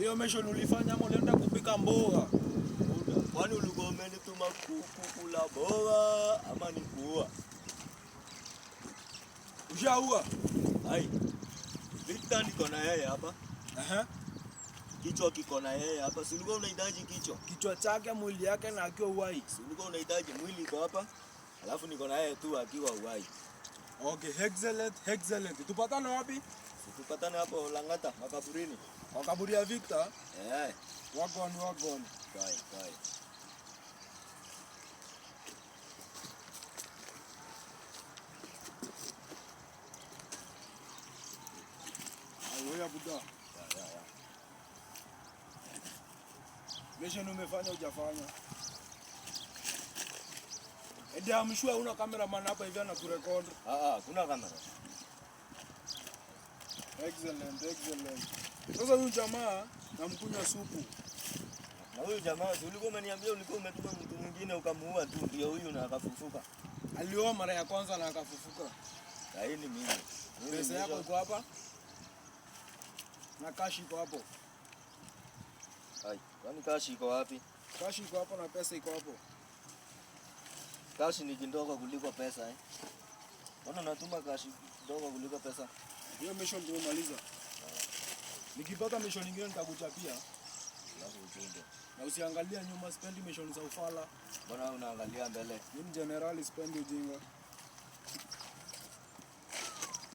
hiyo mesho nulifanya mo ulienda kupika mboga? Kwani ulikuwa umenituma kula mboga ama ni kuua? Ushaua? Hai. Victor niko na yeye hapa. Aha. Kichwa kiko na yeye hapa. Si ulikuwa unahitaji kichwa? Kichwa chake, mwili yake na akiwa uhai. Si ulikuwa unahitaji mwili kwa hapa? Alafu niko na yeye tu akiwa uhai. Okay, excellent, excellent. Tupatane wapi? Tupatane hapo Langata, makaburini wakaburia ya Victor. Eh. Wagon wagon. Kai kai. Ayo buda. Ya ya ya. Mission umefanya hujafanya. Ede amshua una kamera cameraman hapa hivi anakurekodi. Ah ah, kuna kamera. Excellent, excellent. Sasa huyu jamaa namkunywa supu. Na huyu jamaa si ulikuwa umeniambia ulikuwa umetuma mtu mwingine ukamuua tu, ndio huyu na akafufuka. Alioa mara ya kwanza na akafufuka. Laini mimi. Pesa yako iko hapa? Na kashi iko hapo. Hai, kwani kashi iko wapi? Kashi iko hapo na pesa iko hapo. Kashi ni kidogo kuliko pesa eh. Mbona unatuma kashi kidogo kuliko pesa? Hiyo misho ndio maliza. Nikipata misho nyingine nitakuchapia. Na usiangalia nyuma, spendi mishoni za ufala. Mbona unaangalia mbele? Mimi generali spendi ujinga.